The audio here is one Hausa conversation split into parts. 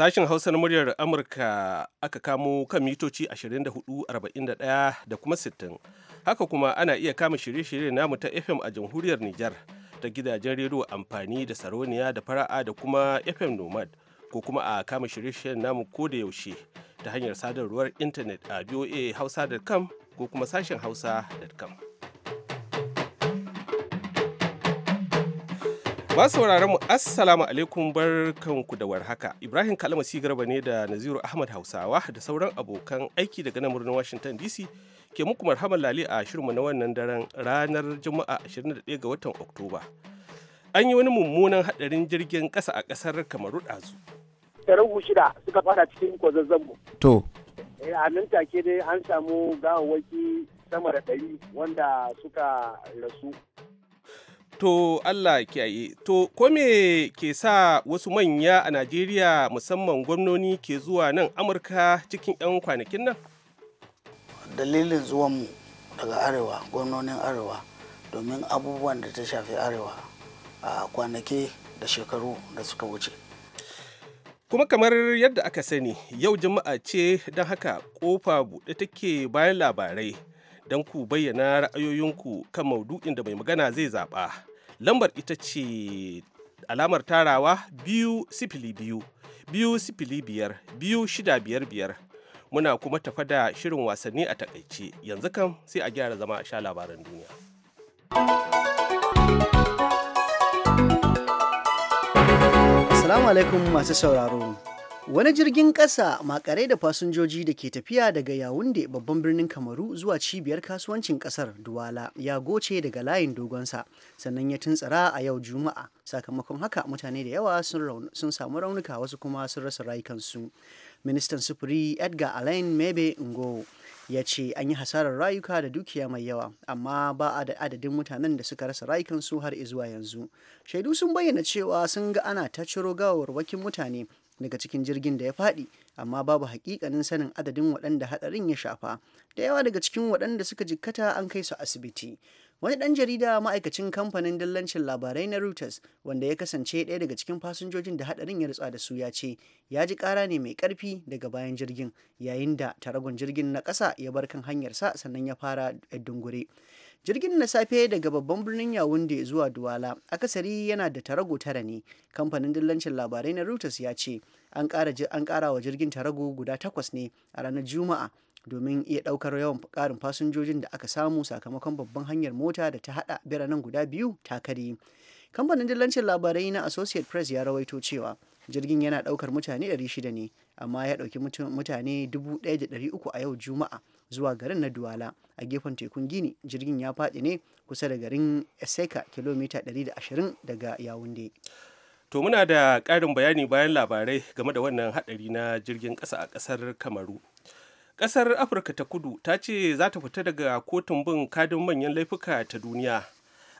Sashen Hausar muryar Amurka aka kamo kan mitoci 24,41 da kuma 60. Haka kuma ana iya kama shirye-shirye namu ta FM a jamhuriyar Nijar ta gidajen rediyo amfani da Saroniya da Fara'a da kuma FM Nomad ko kuma a kama shirye-shiryen namu ko da yaushe ta hanyar sadarwar intanet a hausa.com ko kuma sashen hausa.com. ba sauraron mu assalamu alaikum barkanku da warhaka. Ibrahim Kalama Garba ne da Naziru Ahmad Hausawa da sauran abokan aiki daga nan birnin Washington DC ke muku marhamar lali a shirinmu na wannan daren ranar Juma'a 21 ga watan Oktoba. An yi wani mummunan hadarin jirgin kasa a kasar Kamaru ɗazu. Tsaron shida suka fara cikin To. Eh, a nan take dai an samu gawawwaki sama da ɗari wanda suka rasu To Allah kiyaye. To ko me ke sa wasu manya a Najeriya musamman gwamnoni ke zuwa nan Amurka cikin 'yan kwanakin nan? Dalilin zuwanmu daga Arewa, gwamnonin Arewa, domin abubuwan da ta shafi Arewa a kwanaki da shekaru da suka wuce. Kuma kamar yadda aka sani, yau Juma'a ce don haka kofa buɗe take bayan labarai. Don ku bayyana ra'ayoyinku kan maudu'in da mai magana zai zaɓa. lambar ita ce alamar tarawa biyu sifili biyu biyu sifili biyar biyu shida biyar biyar muna kuma tafa da shirin wasanni a takaice yanzu kan sai a gyara zama a sha labaran duniya Assalamu alaikum masu sauraro Wani jirgin ƙasa makare da fasinjoji da ke tafiya daga Yawunde babban birnin Kamaru zuwa cibiyar kasuwancin ƙasar Duwala ya goce daga layin dogonsa sannan ya tuntsara a yau Juma'a. Sakamakon haka mutane da yawa sun samu raunuka wasu kuma sun rasa rayukansu. Ministan sufuri Edgar Alain Mebe Ngo ya ce an yi hasarar rayuka da dukiya mai yawa amma ba a da adadin mutanen da suka rasa rayukansu har izuwa yanzu shaidu sun bayyana cewa sun ga ana ta ciro gawarwakin mutane daga cikin jirgin da ya faɗi amma babu hakikanin sanin adadin waɗanda hadarin ya shafa da yawa daga cikin waɗanda suka jikkata an kai su asibiti wani ɗan jarida ma'aikacin kamfanin dillancin labarai na reuters wanda ya kasance ɗaya daga cikin fasinjojin da hadarin ya rutsa da su ya ce ya ji ƙara ne mai ƙarfi daga bayan jirgin yayin da taragon jirgin na ƙasa ya bar kan hanyarsa sannan ya fara dungure jirgin na safe daga babban birnin yawunde zuwa duwala akasari yana da tarago tara ne kamfanin dillancin labarai na reuters ya ce an ƙara wa jirgin tarago guda takwas ne a ranar juma'a domin iya ɗaukar yawan karin fasinjojin da aka samu sakamakon babban hanyar mota da ta haɗa biranen guda biyu ta kari kamfanin dillancin labarai na associate press ya rawaito cewa jirgin yana ɗaukar mutane 600 ne amma ya ɗauki mutane 1,300 a yau juma'a zuwa garin na duwala a gefen tekun gini jirgin ya faɗi ne kusa da garin eseka kilomita 120 daga yawunde to muna da ƙarin bayani bayan labarai game da wannan haɗari na jirgin ƙasa a ƙasar kamaru ƙasar afirka ta kudu ta ce za ta fita daga kotun bin kadin manyan laifuka ta duniya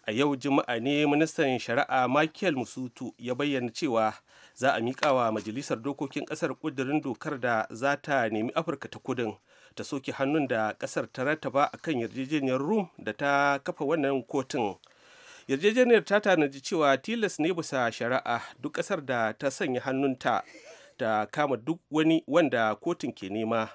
a yau juma'a ne ministan shari'a michael musutu ya bayyana cewa za a miƙa wa majalisar dokokin ƙasar ƙudurin dokar da za ta nemi afirka ta kudin ta soke hannun da kasar ta rattaba a kan yarjejeniyar rum da ta kafa wannan kotun yarjejeniyar ta tanaji cewa tilas ne bisa shari'a duk kasar da ta sanya hannunta ta kama duk wani wanda kotun ke nema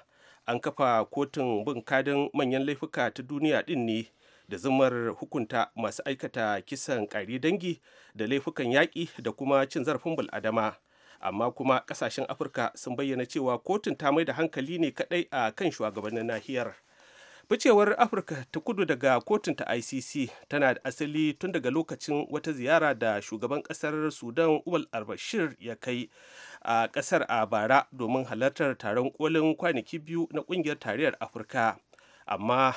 an kafa kotun bin kadin manyan laifuka ta duniya din ne da zumar hukunta masu aikata kisan ƙari dangi da laifukan yaƙi da kuma cin zarafin bul'adama amma kuma kasashen afirka sun bayyana cewa kotun ta mai da hankali ne kadai a kan shugabannin nahiyar ficewar afirka ta kudu daga kotun ta icc tana da asali tun daga lokacin wata ziyara da shugaban kasar sudan umar albashir ya kai a kasar a bara domin halartar taron kolin kwanaki biyu na kungiyar tarayyar afirka amma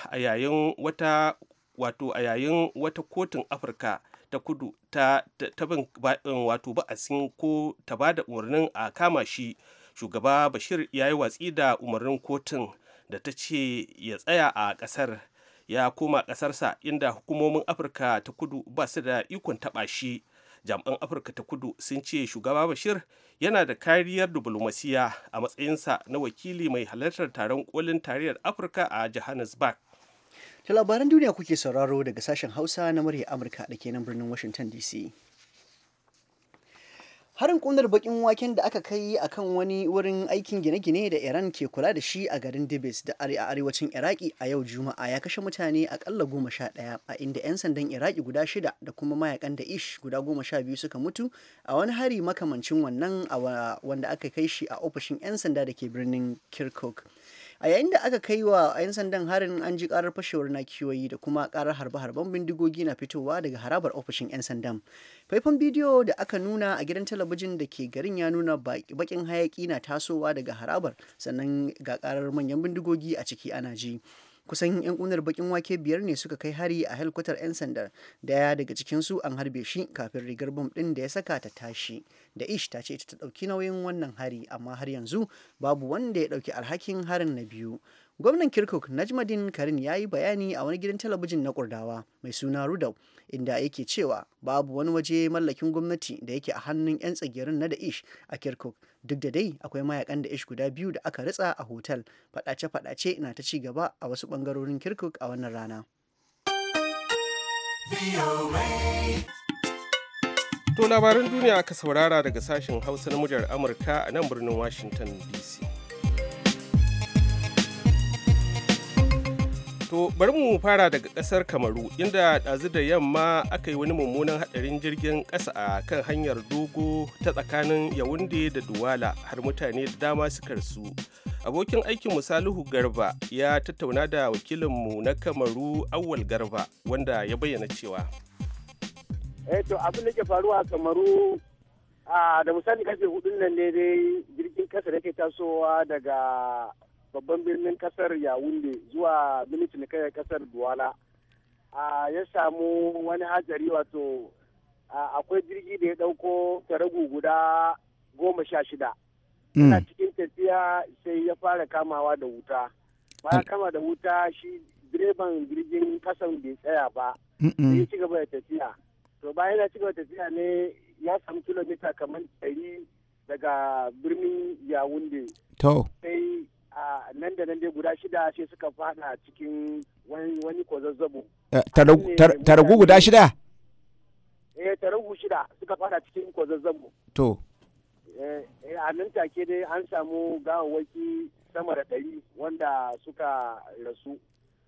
wato a yayin wata kotun afirka ta kudu ta bin um, wato ba'asin ko ta ba da umarnin a kama shi shugaba bashir ya yi watsi da umarnin kotun da ta ce ya tsaya a ƙasar ya koma ƙasarsa inda hukumomin afirka ta kudu ba su da ikon taɓa shi jami'an afirka ta kudu sun ce shugaba bashir yana da kariyar diplomasiya a matsayinsa na wakili mai halartar taron kolin tarayyar afirka a johannesburg da labaran duniya kuke sauraro daga sashen hausa na murya amurka da kenan birnin washington dc harin kunar bakin waken da aka kai a kan wani wurin aikin gine-gine da iran ke kula da shi a garin dibis da a arewacin iraki a yau juma'a ya kashe mutane akalla goma sha ɗaya a inda 'yan sandan iraki guda shida da kuma mayakan da ish guda goma sha biyu suka mutu a wani hari makamancin wannan wanda aka kai shi a ofishin 'yan sanda da ke birnin kirkuk a yayin da aka kai wa 'yan sandan harin an ji karar fashewar nakiyoyi da kuma karar harbe-harben bindigogi na fitowa daga harabar ofishin 'yan sandan faifan bidiyo da aka nuna a gidan talabijin da ke garin ya nuna bakin hayaki na tasowa daga harabar sannan ga karar manyan bindigogi a ciki ana ji kusan 'yan kunar bakin wake biyar ne suka kai hari a helkwatar 'yan sandar daya daga cikin su an harbe shi kafin rigar bom ɗin da ya saka ta tashi da ish ta ce ta dauki nauyin wannan hari amma har yanzu babu wanda ya dauki alhakin harin na biyu gwamnan kirkuk najmadin karin ya yi bayani a wani gidan talabijin na kurdawa mai suna rudau inda yake cewa babu wani waje mallakin gwamnati da yake a hannun 'yan tsagerin na da ish a kirkuk duk da dai akwai mayakan da ish guda biyu da aka ritsa a hotel fadace-fadace na ta ci gaba a wasu bangarorin kirkuk a wannan rana to labaran duniya aka saurara daga sashen hausa na muryar amurka a nan birnin washington dc To bari mu fara daga kasar Kamaru inda ɗazu da yamma aka yi wani mummunan haɗarin jirgin ƙasa a kan hanyar dogo ta tsakanin Yawunde da Duwala har mutane da dama suka rasu. Abokin aikin Salihu Garba ya tattauna da wakilinmu na Kamaru Awwal Garba wanda ya bayyana cewa. Eh, to abin da ke faruwa a Kamaru ah, da misali kashe hudun nan ne dai jirgin ƙasa da ke tasowa daga babban birnin kasar yawunde zuwa militin kai kasar duwala ya samu wani hatsari wato akwai jirgi da ya dauko taragu guda goma sha shida hmm. yana cikin tafiya sai ya fara kamawa da wuta ya hmm. kama da wuta shi direban jirgin kasan bai tsaya ba hmm, sai ya ci gaba da tafiya to bayan yana ci gaba da tafiya ne ya samu kilomita kamar ɗari daga birnin yawunde sai nan da nan dai guda shida sai suka fada cikin wani kwazazzabo. Eh, taragu guda shida? Eh taragu shida suka fada cikin kwazazzabo. To. Eh, eh, a nan take dai an samu gawawaki sama da ɗari wanda suka rasu.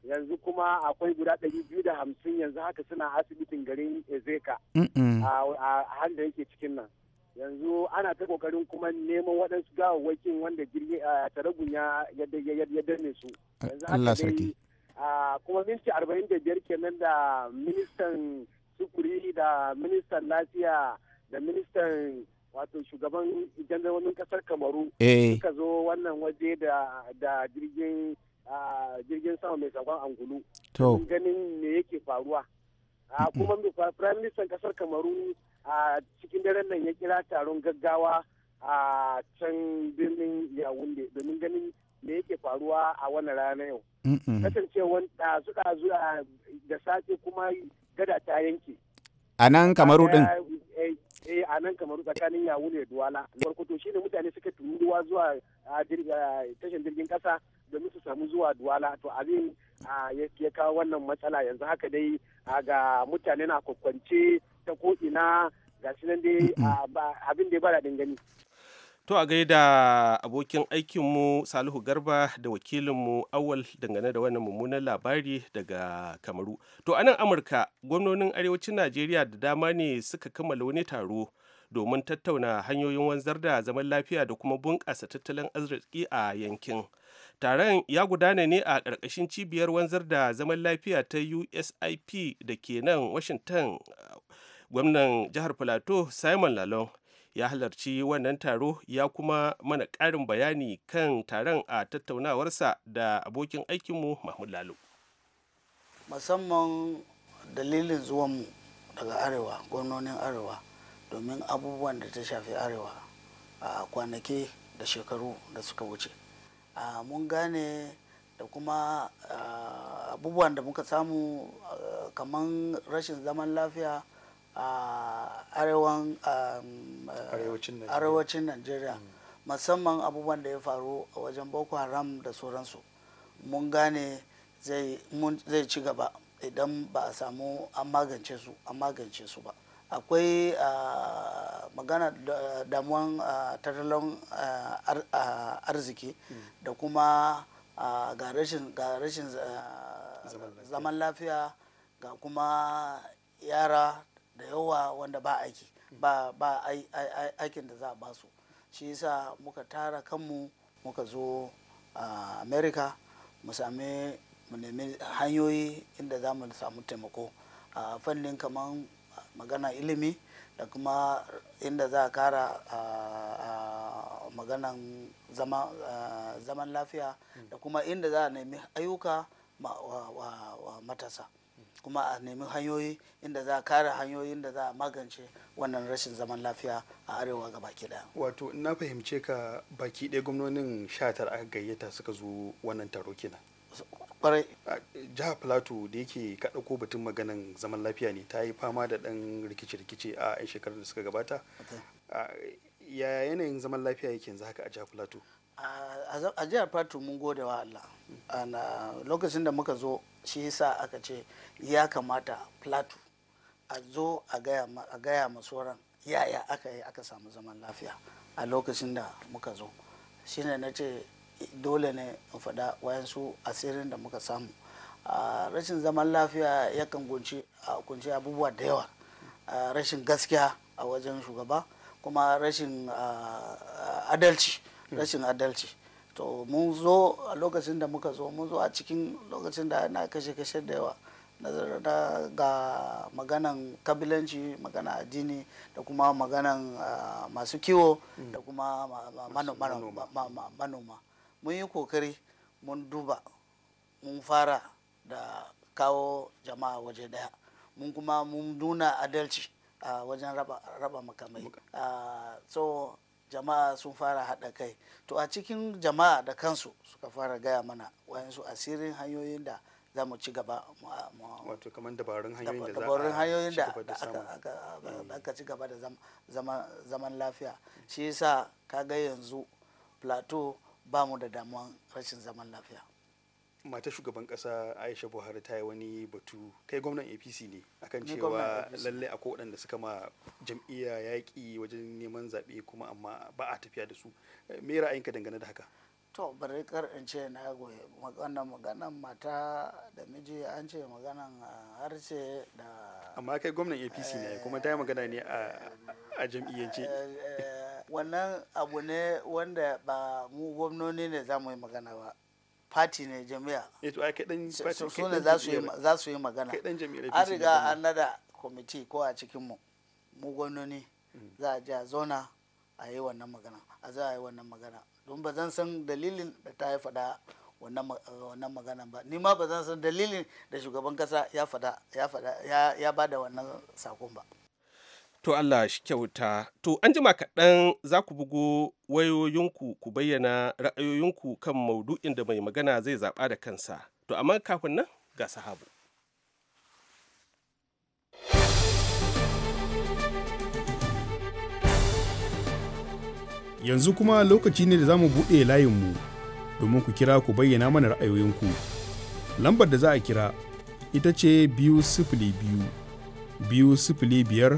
yanzu kuma akwai guda ɗari biyu da hamsin yanzu haka suna asibitin garin ezeka a da yake cikin nan yanzu ana ta kokarin kuma neman waɗansu gawawakin wanda jirgin taragun ya danne su Allah sarki kuma minti arba'in da biyar kenan da ministan sukuri da ministan lafiya da ministan wato shugaban jandarmomin kasar kamaru eh. suka zo wannan waje da jirgin jirgin sama mai sakon angulu ganin me yake faruwa kuma prime ministan kasar kamaru a cikin daren nan ya kira taron gaggawa a can birnin yawunde domin ganin me yake faruwa a wannan rana yau kasancewan ɗazu ɗazu da safe kuma gada ta yanke a nan kamaru ɗin eh, eh, eh, a nan kamaru tsakanin yawunde ne, duwala barkoto shine mutane suka ruwa zuwa tashin jirgin kasa domin su samu zuwa duwala to abin ya kawo wannan matsala yanzu haka dai ga mutane na kwakwance ta ko ga shi nan dai ah, abin da ya bada gani. To a gaida abokin aikinmu Salihu Garba da wakilinmu Awal dangane da wannan mummunan labari daga Kamaru. To a nan Amurka gwamnonin arewacin Najeriya da dama ne suka kammala wani taro domin tattauna hanyoyin wanzar da zaman lafiya da kuma bunƙasa tattalin arziki a yankin. Taron ya gudana ne a ƙarƙashin cibiyar wanzar da zaman lafiya ta USIP da ke nan Washington gwamnan jihar plateau simon lalong ya halarci wannan taro ya kuma mana ƙarin bayani kan taron a tattaunawarsa da abokin aikinmu mahmud lalo musamman dalilin zuwanmu daga arewa gwamnonin arewa domin abubuwan da ta shafi arewa a kwanaki da shekaru da suka wuce mun gane da kuma abubuwan da muka samu kamar rashin zaman lafiya a um, uh, arewacin najeriya mm. musamman abubuwan da ya faru a wajen boko haram da sauransu mun gane zai ci gaba idan ba a samu an magance su an magance su ba akwai magana damuwan tattalin arziki mm. da kuma ga rashin zaman lafiya ga kuma yara da yawa wanda ba aiki ba ba aikin da za a basu shi yasa muka tara kanmu muka zo a america mu sami mu nemi hanyoyi inda za mu samu taimako a fannin kamar magana ilimi da kuma inda za a kara maganan zaman lafiya da kuma inda za a nemi ayyuka wa matasa kuma a nemi hanyoyi inda za a kare hanyoyin da za a magance wannan rashin zaman lafiya a arewa ga baki daya wato na fahimce ka baki ɗaya gwamnonin shatar aka gayyata suka zo wannan taro kenan kwarai jihar plateau da yake ka ɗauko batun maganan zaman lafiya ne ta yi fama da ɗan rikice-rikice a 'yan shekarun da suka gabata ya yanayin zaman lafiya yake yanzu haka a jihar plateau a jihar plateau mun gode wa allah mm. lokacin da muka zo shi yasa aka ce ya kamata plato a zo a gaya masoran yaya aka yi aka samu zaman lafiya a lokacin da muka zo shine na ce dole ne in faɗa su asirin da muka samu rashin zaman lafiya yakan kunci abubuwa da yawa rashin gaskiya a wajen shugaba kuma rashin adalci hmm. rashin adalci to mun zo a lokacin da muka zo mun zo a cikin lokacin da na kashe-kashe da yawa na ga maganan kabilanci magana addini da kuma maganan ah, masu kiwo da kuma manoma mun yi kokari mun duba mun fara da kawo jama'a waje daya mun kuma mun nuna adalci a wajen raba makamai ah, so jama'a sun fara haɗa kai to a cikin jama'a da kansu suka fara gaya mana wayansu asirin hanyoyin da za mu ci gaba wato kamar dabarun hanyoyin da dabarun hanyoyin da mm. aka ci gaba da zaman lafiya shi yasa ga yanzu plateau ba mu da damuwan rashin zaman lafiya Mata shugaban kasa aisha buhari ta yi wani batu kai gwamnan apc ne akan cewa lalle a waɗanda suka ma jam'iyya yaƙi wajen neman zaɓe kuma amma ba a tafiya da su eh, me ra'ayinka dangane da haka to bari kar in ce na goyi wannan maganan mata da miji an ce maganan ah, harshe da amma kai gwamnan apc ne eh, kuma ta yi magana ne a eh, jam'iyyance wannan abu ne wanda ba mu gwamnoni ne za mu yi magana ba fati ne jami'a eh, to su ne za su yi magana kai an riga an nada kwamiti ko a cikinmu mu gwamnoni mm. za a je a zauna a yi wannan magana a za a yi wannan magana don ba zan san dalilin da ta yi faɗa wannan eh, magana ba ni ma ba zan san dalilin da shugaban kasa ya faɗa ya ba da wannan sakon ba To Allah shi kyauta. To an jima kaɗan za ku bugo wayoyinku ku bayyana ra'ayoyinku kan maudu'in da mai magana zai zaɓa da kansa. To amma kafin nan ga sahabu. Yanzu kuma lokaci ne da za mu buɗe layinmu domin ku kira ku bayyana mana ra'ayoyinku. Lambar da za a kira ita ce biyu sifili biyu, biyu sifili biyar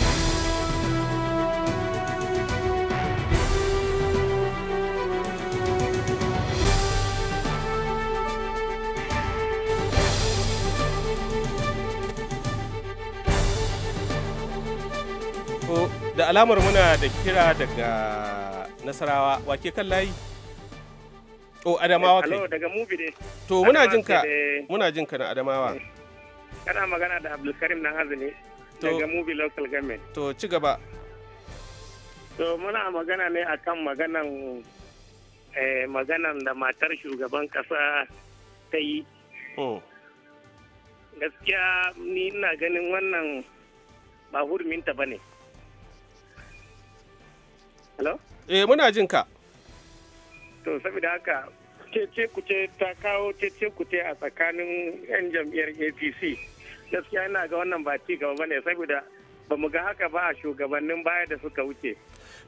alamar muna da kira daga nasarawa wake kan layi o adamawa kai daga mubi ne to muna jin ka muna jin ka na adamawa eh, kana magana da abdulkarim nan azumi daga mubi local government to ci gaba to muna magana ne akan maganan eh, maganan da matar shugaban kasa ta yi hmm. gaskiya ni ina ganin wannan ba hurminta ba ne Hello? Eh muna jin ka. To saboda haka cece kuce ta kawo cece kuce a tsakanin 'yan jam'iyyar APC. Gaskiya ina ga wannan ba ci gaba bane saboda ba mu ga haka ba a shugabannin baya da suka wuce.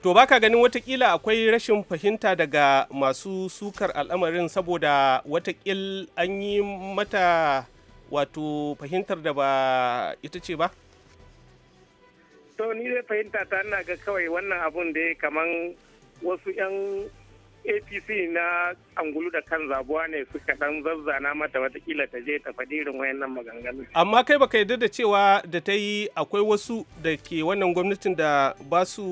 To baka ganin watakila akwai rashin fahimta daga masu sukar al'amarin saboda watakil an yi mata wato fahimtar da ba ita ce ba? to ni dai fahimta ta ina ga kawai wannan abun da kaman wasu 'yan apc na angulu da kan zabuwa ne suka dan zazzana mata watakila ta je ta faɗi irin wayannan maganganu amma kai baka yarda da cewa da ta yi akwai wasu da ke wannan gwamnatin da ba su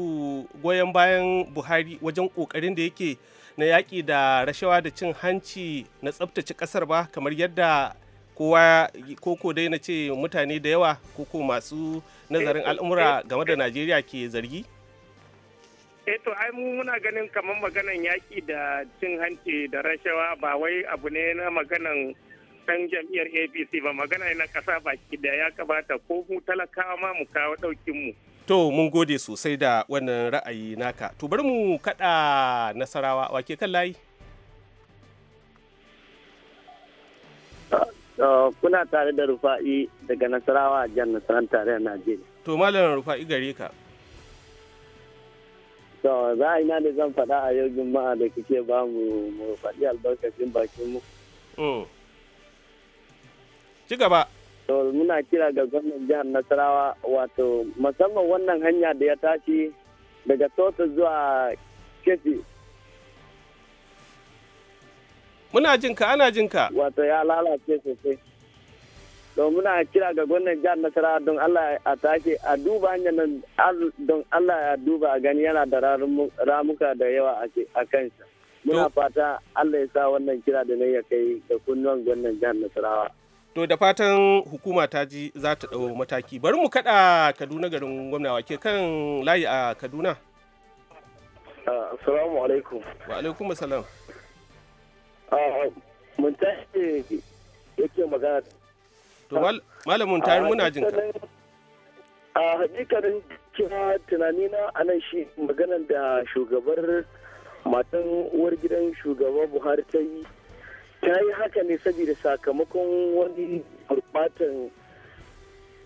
goyon bayan buhari wajen kokarin da yake na yaƙi da rashawa da cin hanci na tsabtace ƙasar ba kamar yadda kowa koko dai na ce mutane da yawa koko masu nazarin al'umura game da najeriya ke zargi Eto, eh ai mu muna ganin kamar maganan yaƙi da cin hanci da rashawa ba wai abu ne na maganan dan jam'iyyar apc ba magana na kasa baki da ya kamata ko mu talakawa ma mu kawo ɗaukin mu to mun gode sosai da wannan ra'ayi naka to bari mu kaɗa nasarawa wake kan layi kuna tare da rufa'i daga nasarawa a jihar nasarar a najeriya to malam rufa'i gare ka to za a ina da zan faɗa a yau juma'a da kike ba mu faɗi albarkacin bakin mu ci gaba to muna kira ga gwamnan jihar nasarawa wato musamman wannan hanya da ya tashi daga soto zuwa kefi Muna jin ka ana jin ka. Wato ya lalace sosai. Don muna kira ga gwamnan jihar Nasarawa don Allah a take a duba hanyar nan don Allah ya duba a gani yana da ramuka da yawa a kansa. Muna fata Allah ya sa wannan kira da nan ya kai da kunnuwan gwamnan jihar Nasarawa. To da fatan hukuma ta ji za ta ɗau mataki. Bari mu kaɗa Kaduna garin gwamna wake kan layi a Kaduna. Assalamu alaikum. Wa alaikum assalam. mun tashi yake magana to malam mun muna jin ka a hakikanin kira tunani na anan shi maganan da shugabar matan uwar gidan shugaba buhari ta yi ta yi haka ne saboda sakamakon wani gurbatan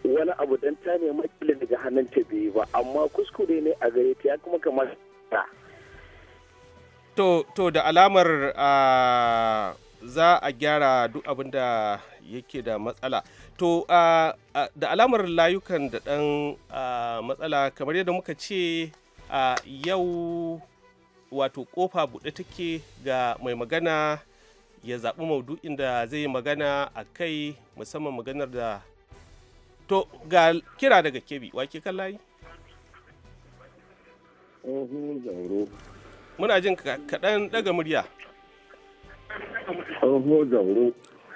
wani abu don ta nema daga hannun ta biyu ba amma kuskure ne a gare ta ya kuma kamar ta to, to da alamar uh, za a gyara duk abin da yake da matsala to da alamar layukan da ɗan matsala kamar yadda muka ce a yau wato kofa buɗe take ga mai magana ya zaɓi maudu'in da zai yi magana a kai musamman maganar da to ga kira daga kebi wake kan layi? muna jin kaɗan ɗaga murya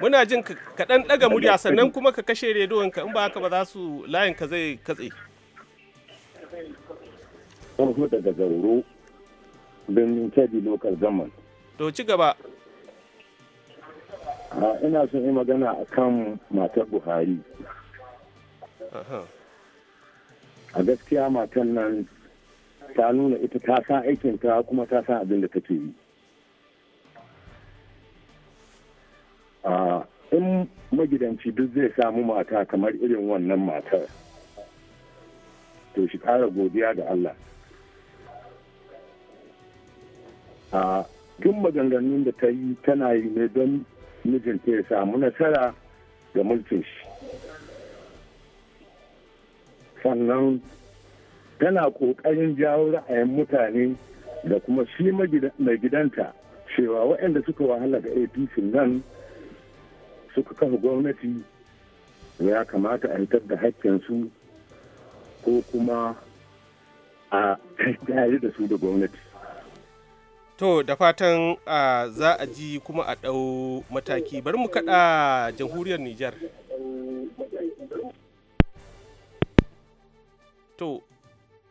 muna jin kaɗan daga murya sannan kuma ka kashe rediyonka in ba haka ba za su layin ka zai katse farko daga zauro don kebbi local zaman to ci gaba ina son yi magana a kan matar buhari a gaskiya matan nan ta nuna ita ta san aikin ta kuma ta san abin da ta take yi in magidanci duk zai samu mata kamar irin wannan matar to shi kara godiya da Allah a duk maganganun da ta yi tana yi ne don mijinta ya samu nasara ga mulkin shi sannan tana ƙoƙarin jawo ra'ayin mutane da kuma shi mai gidanta cewa waɗanda suka wahala da apc nan suka kafa gwamnati ya kamata a hitar da haƙƙinsu ko kuma a kai da su da gwamnati to da fatan za a ji kuma a ɗau mataki bari mu kaɗa jamhuriyar nijar to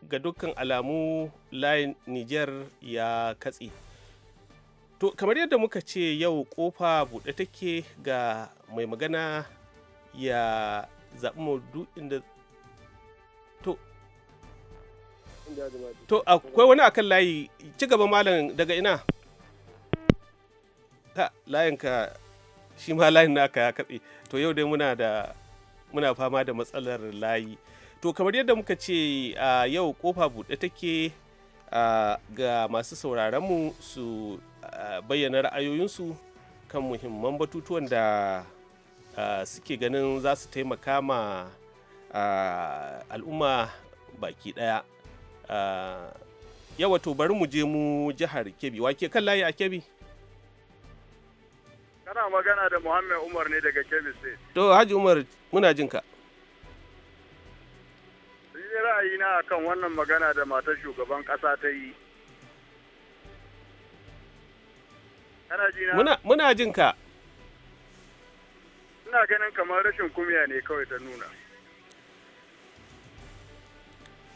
ga dukkan alamu layin niger ya katse to kamar yadda muka ce yau kofa buɗe take ga mai magana ya zaɓi maudu'in da to to akwai wani akan layi ci gaba malam daga ina ta ka shi ma layin naka ya katse to yau dai muna da muna fama da matsalar layi to kamar yadda muka ce a yau kofa buɗe take ga masu sauraronmu su bayyana ra'ayoyinsu kan muhimman batutuwan da suke ganin za su taimaka ma al'umma baki ɗaya yawa to bari mu je mu jihar kebi wake kan layi a kebi kana magana da muhammed umar ne daga kebi state to haji umar muna jinka ra'ayina akan wannan magana da matar shugaban ƙasa ta yi. Muna, jin ka. Ina ganin kamar rashin kumiya ne kawai ta nuna.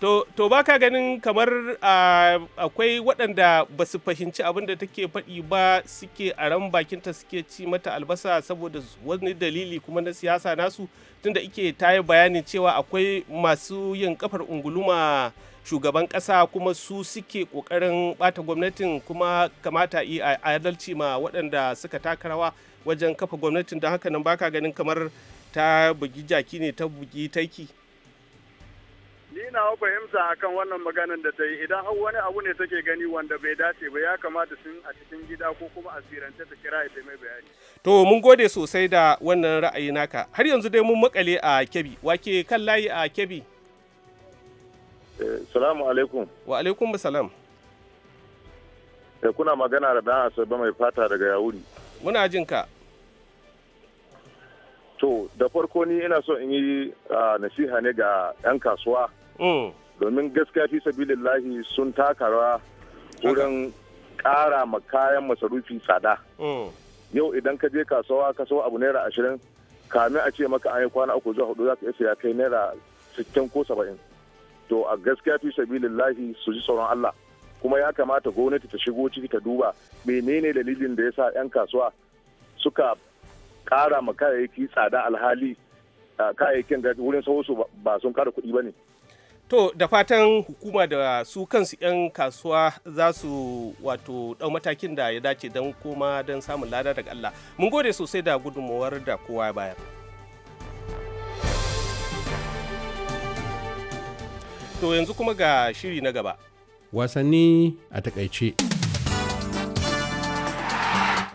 To, to ba ka ganin kamar akwai waɗanda ba su fahimci abin da take faɗi ba suke a ran bakinta suke ci mata albasa saboda wani dalili kuma na siyasa nasu tunda ike ta yi bayanin cewa akwai masu yin kafar unguluma shugaban ƙasa kuma su suke ƙoƙarin ɓata gwamnatin kuma kamata yi a adalci ma waɗanda suka taka rawa wajen kafa gwamnatin don haka nan baka ganin kamar ta bugi jaki ne ta bugi taiki. ni nawa fahimta akan wannan maganan da ta yi idan har wani abu ne take gani wanda bai dace ba ya kamata sun a cikin gida ko kuma a sirance ta kira ita mai bayani to mun gode sosai da wannan ra'ayi naka har yanzu dai mun makale a kebi wake kan layi a kebi eh, salamu alaikum wa alaikum salam eh, kuna magana da dan asabe mai fata daga yawuri muna jin ka to da farko ni ina so in yi ah, nasiha ne ga 'yan kasuwa Oh. domin gaskiya fi sabilillahi sun taka rawa wurin kara ma kayan masarufi tsada oh. yau idan ka je kasuwa ka abu naira ashirin kamin a ce maka an kwana uku zuwa hudu za ka iya kai naira sittin ko saba'in to a gaskiya fi sabilillahi su ji tsoron Allah kuma ya kamata gwamnati ta shigo ciki ta duba menene dalilin da ya sa 'yan kasuwa suka kara ma kayayyaki tsada alhali kayayyakin da wurin sauransu ba sun kara kuɗi ba ne to da fatan hukuma da su kansu 'yan kasuwa za su wato ɗau matakin da ya dace don koma don samun lada daga Allah mun gode sosai da gudunmawar da kowa bayar to yanzu kuma ga shiri na gaba wasanni a takaice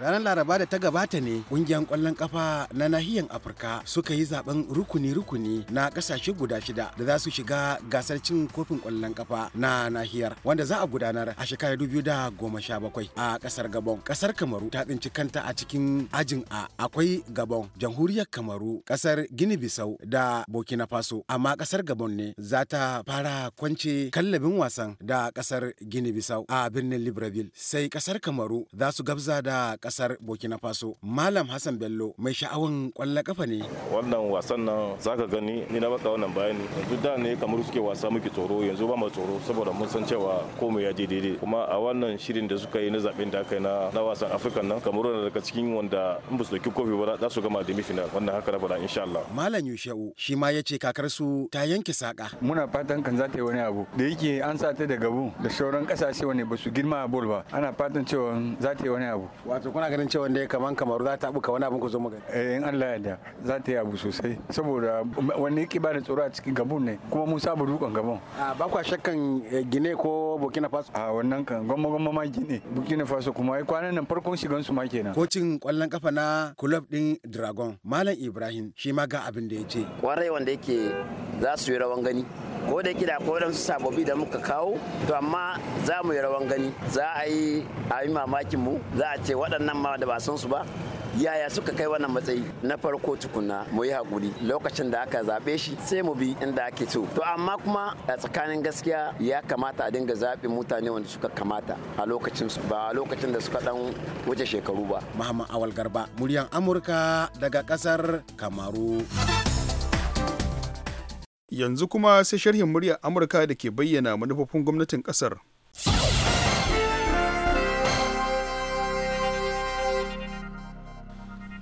ranar laraba da ta gabata ne kungiyar kwallon kafa na nahiyar afirka suka yi zaben rukuni-rukuni na kasashe guda shida da za su shiga gasar cin kofin kwallon kafa na nahiyar wanda za a gudanar a shekarar bakwai. a kasar gabon kasar kamaru ta tsinci kanta a cikin ajin a akwai gabon jamhuriyar kamaru kasar gini bisau da burkina faso amma kasar gabon ne za ta fara kwance kallabin wasan da kasar gini bisau a birnin libreville sai kasar kamaru za su gabza da kasar burkina faso malam hassan bello mai sha'awan kwallon kafa ne wannan wasan nan zaka gani ni na baka wannan bayani yanzu da ne kamar suke wasa muke tsoro yanzu ba mu tsoro saboda mun san cewa komai ya daidai kuma a wannan shirin da suka yi na zaben da aka yi na wasan afirka nan kamar na daga cikin wanda in ba su dauki kofi ba za su gama demi final wannan haka na faɗa insha Allah malam yushau shi ma yace kakar su ta yanke saka muna fatan kan za ta yi wani abu da yake an sa ta da gabu da sauran kasashe wani ba su girma a bol ba ana fatan cewa za ta yi wani abu wato kuna ganin cewa ya kaman kamaru za ta buka wani abin ku zo mu gani eh in Allah ya yarda za ta yi abu sosai saboda wani ba da tsoro a cikin gabon ne kuma mun saba dukan gabon ba kwa shakkan eh, gine ko burkina faso a wannan kan gwamma gwamma ma gine burkina faso kuma ai kwanan nan farkon shigan su ma kenan kocin kwallon kafa na club din dragon malam ibrahim shi ma ga abin da ya ce kwarai wanda yake za su yi rawan gani ko da kida ko waɗansu sababi da muka kawo to amma za mu yi rawan gani za a yi a yi mamakin mu za a ce waɗannan ma da ba san su ba yaya suka kai wannan matsayi na farko tukuna mu yi hakuri lokacin da aka zaɓe shi sai mu bi inda ake so to amma kuma a tsakanin gaskiya ya kamata a dinga zaɓin mutane wanda suka kamata a lokacin ba a lokacin da suka dan wuce shekaru ba muhammad awal garba muryan amurka daga ƙasar kamaru Yanzu kuma sai sharhin muryar Amurka da ke bayyana manufofin gwamnatin ƙasar.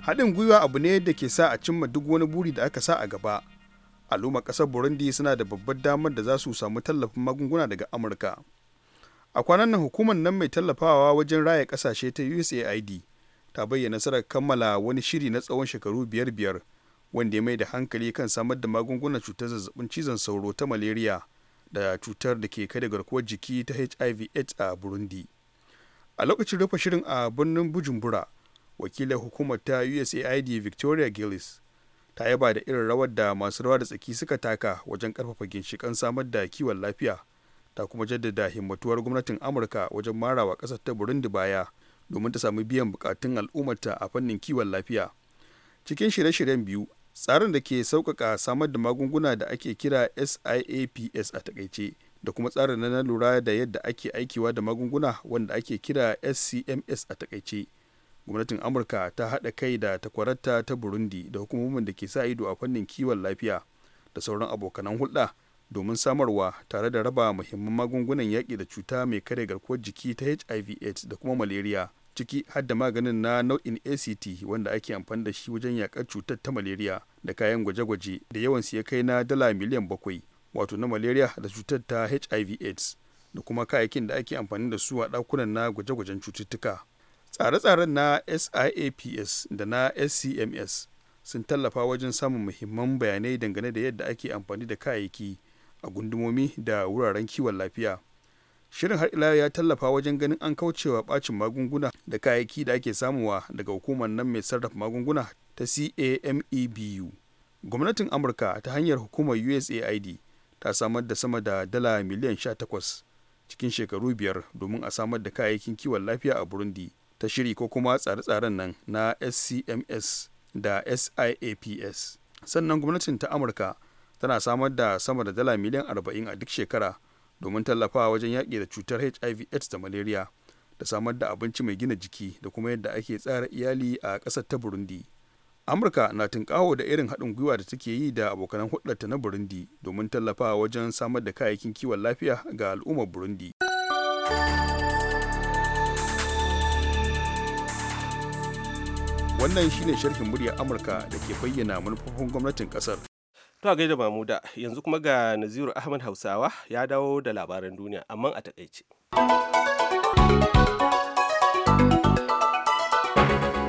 Haɗin gwiwa abu ne da ke sa a cimma duk wani buri da aka sa a gaba. Al'ummar ƙasar Burundi suna da babbar damar da za su samu tallafin magunguna daga Amurka. A kwanan nan hukumar nan mai tallafawa wajen raya ƙasashe ta USAID ta bayyana nasarar kammala wani shiri na tsawon shekaru biyar biyar wanda ya mai da hankali kan samar da magungunan cutar zazzabin cizon sauro ta malaria da cutar da ke da garkuwar jiki ta hiv a burundi a lokacin rufe shirin a birnin bujumbura wakilar hukumar ta usaid victoria gillis ta yaba da irin rawar da masu rawa da tsaki suka taka wajen karfafa ginshikan samar da kiwon lafiya ta kuma jaddada himmatuwar gwamnatin amurka wajen marawa kasar ta burundi baya domin ta sami biyan bukatun al'ummarta a fannin kiwon lafiya cikin shirye-shiryen biyu tsarin da ke sauƙaƙa samar da magunguna da ake kira siaps a takaice da kuma tsarin na lura da yadda ake aikiwa da magunguna wanda ake kira scms a takaice gwamnatin amurka ta haɗa kai da takwaratta ta burundi da hukumomin da ke sa ido a fannin kiwon lafiya da sauran abokanan hulɗa domin samarwa tare da raba muhimman magungunan yaƙi da cuta mai kare garkuwar jiki ta hiv aids da kuma malaria ciki har da maganin na nau'in act wanda ake amfani da shi wajen yakar cutar ta malaria da kayan gwaje-gwaje da yawan su ya kai na dala miliyan bakwai wato na malaria da cutar ta hiv aids da kuma kayayyakin da ake amfani da su a ɗakunan na gwaje-gwajen cututtuka tsare-tsaren na siaps da na scms sun tallafa wajen samun muhimman bayanai dangane da yadda ake amfani da kayayyaki a gundumomi da wuraren kiwon lafiya shirin har ila ya tallafa wajen ganin an kaucewa bacin magunguna da kayayyaki da ake samuwa daga hukumar nan mai sarrafa magunguna ta camebu gwamnatin amurka ta hanyar hukumar usaid ta samar da sama da dala miliyan 18 cikin shekaru biyar domin a samar da kayayyakin kiwon lafiya a burundi ta shiri ko kuma tsare-tsaren nan na scms da siaps sannan gwamnatin ta amurka tana samar da sama da dala miliyan 40 a duk shekara domin tallafawa wajen yaƙi da cutar hiv aids da malaria da samar da abinci mai gina jiki da kuma yadda ake tsara iyali a ƙasar ta burundi amurka na tunkawo da irin haɗin gwiwa da take yi da abokanan hulɗarta na burundi domin tallafawa wajen samar da kayayyakin kiwon lafiya ga al'ummar burundi wannan shine sharhin muryar amurka da ke bayyana manufofin gwamnatin kasar To gaida Mamuda yanzu kuma ga Naziru Ahmad Hausawa ya dawo da labaran duniya amma a takaice.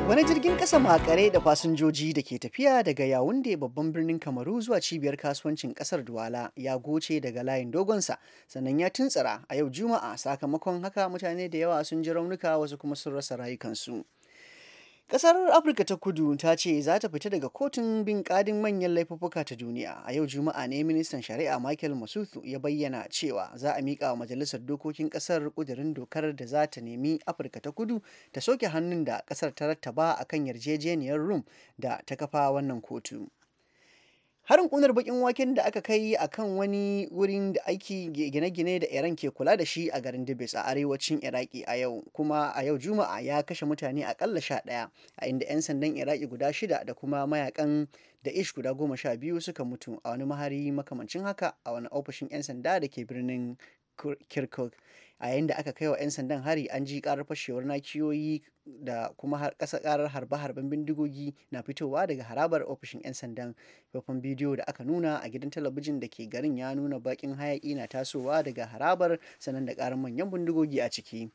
Wani jirgin kasa makare da fasinjoji da ke tafiya daga Yawunde babban birnin Kamaru zuwa cibiyar kasuwancin kasar Duwala ya goce daga layin dogonsa sannan ya tuntsara a yau Juma'a sakamakon haka mutane da yawa sun ji raunuka wasu kuma sun rasa rayukansu. kasar Afirka ta Kudu ta ce za ta fita daga kotun bin ƙadin manyan laifuffuka ta duniya. A yau Juma'a ne ministan shari'a Michael Masutu ya bayyana cewa za a miƙa wa majalisar dokokin ƙasar ƙudurin dokar da za ta nemi Afirka ta Kudu ta soke hannun da ƙasar ta rattaba kan yarjejeniyar Rum da ta kafa wannan kotu. Harin kunar baƙin waken da aka kai a kan wani wurin da aiki gine-gine da Iran ke kula da shi a garin Dibis a arewacin Iraki a yau, kuma a yau Juma'a ya kashe mutane akalla sha ɗaya, a inda 'yan sandan Iraki guda shida da kuma mayakan da ish guda goma sha biyu suka mutu a wani mahari makamancin haka a wani ofishin 'yan sanda da ke birnin Kirkuk. a yayin da aka kai wa 'yan sandan hari an ji karar fashewar nakiyoyi da kuma har ƙasa karar harbe-harben bindigogi na fitowa daga harabar ofishin 'yan sandan faifan bidiyo da aka nuna a gidan talabijin da ke garin ya nuna bakin hayaki na tasowa daga harabar sanan da karar manyan bindigogi a ciki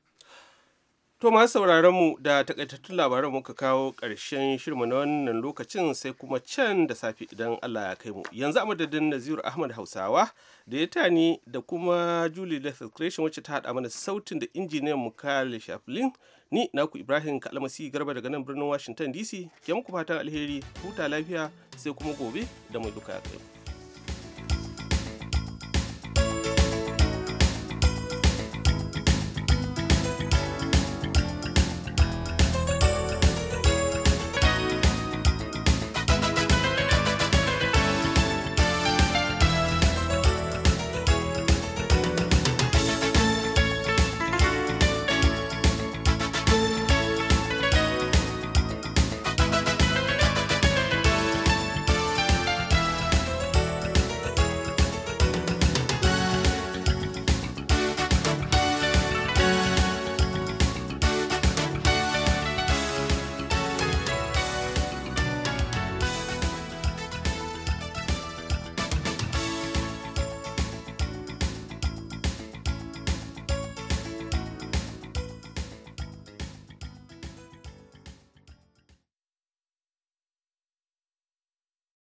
To masu sauraron mu da takaitattun labaran muka kawo ƙarshen shirma na wannan lokacin sai kuma can da safe idan Allah ya kai mu. Yanzu a madadin Naziru Ahmad Hausawa da ya tani da kuma Julie Lethal Creation wacce ta haɗa mana sautin da injiniyan mu Kyle Shaflin ni naku Ibrahim Kalmasi Garba daga nan birnin Washington DC ke muku fatan alheri huta lafiya sai kuma gobe da mai duka ya kai mu.